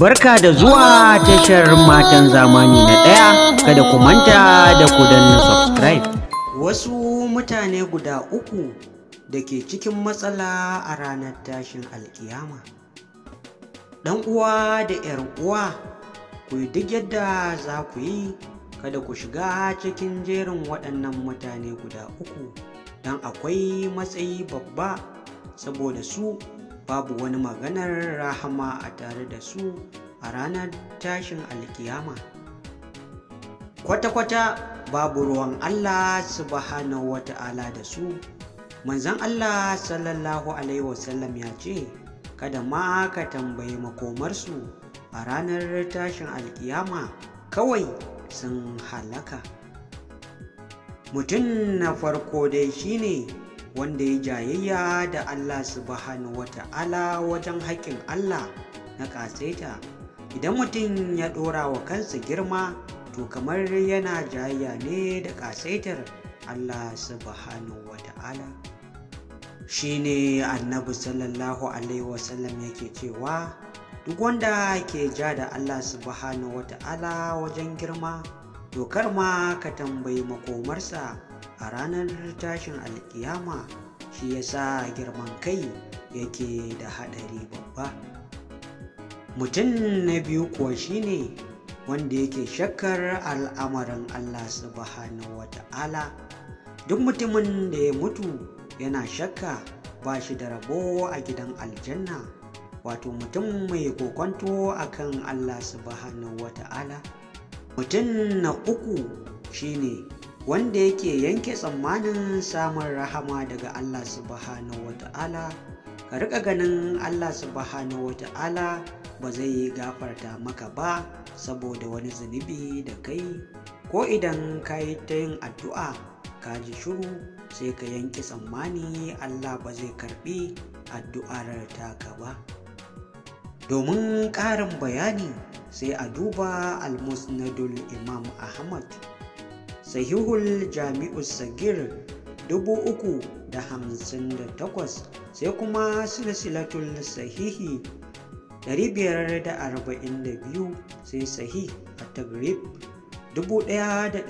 Barka da zuwa tashar matan zamani na ɗaya kada ku manta da ku danna subscribe. Wasu mutane guda uku da ke cikin matsala a ranar tashin alkiyama. Ɗan uwa da ‘yar uwa ku yi duk yadda za ku yi kada ku shiga cikin jerin waɗannan mutane guda uku don akwai matsayi babba saboda su babu wani maganar rahama a tare da su a ranar tashin alkiyama kwata-kwata babu ruwan Allah subhanahu wata'ala da su manzon Allah sallallahu alaihi wasallam ya ce kada ma ka tambayi makomarsu a ranar tashin alkiyama kawai sun halaka mutum na farko dai shine wanda ya jayayya da Allah subhanahu ta'ala wajen haƙƙin Allah na ƙasaita idan mutum ya ɗora wa kansa girma to kamar yana jayayya ne da ƙasaitar Allah subhanahu ta'ala shi ne annabi sallallahu alaihi wasallam yake cewa duk wanda ke ja da Allah subhanahu ta'ala wajen girma to kar ma ka tambayi makomarsa a ranar tashin alkiyama shi ya sa girman kai yake da haɗari babba mutum na biyu kuwa shine wanda yake shakkar al'amarin allah subhanahu ta'ala, duk mutumin da ya mutu yana shakka ba shi da rabo a gidan aljanna wato mutum mai kokonto akan allah subhanahu ta'ala, mutum na uku shine wanda yake yanke tsammanin samun rahama daga Allah subhanahu wa ka riƙa ganin Allah subhanahu wa ta'ala ba zai yi gafarta maka ba saboda wani zunubi da kai ko idan ka yi ta yin addu'a ka ji shuru sai ka yanke tsammani Allah ba zai karɓi addu'ar taka ba domin ƙarin bayani sai a duba almusnadul imam ahmad sahihul jami'u sagir 358 sai kuma silsilatul sahihi 542 sai sahih a tagrib 1887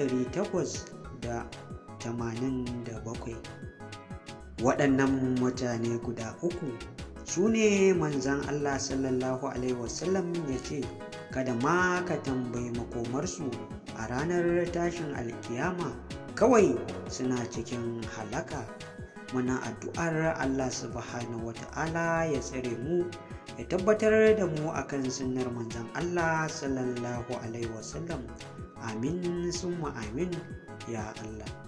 waɗannan mutane guda uku su ne manzan Allah sallallahu Alaihi wasallam ya ce kada ma ka tambayi makomarsu a ranar tashin alkiyama kawai suna cikin halaka muna addu'ar Allah subhanahu wata'ala ya tsare mu ya tabbatar da mu akan sunnar manzon Allah sallallahu alaihi wasallam amin sun amin ya Allah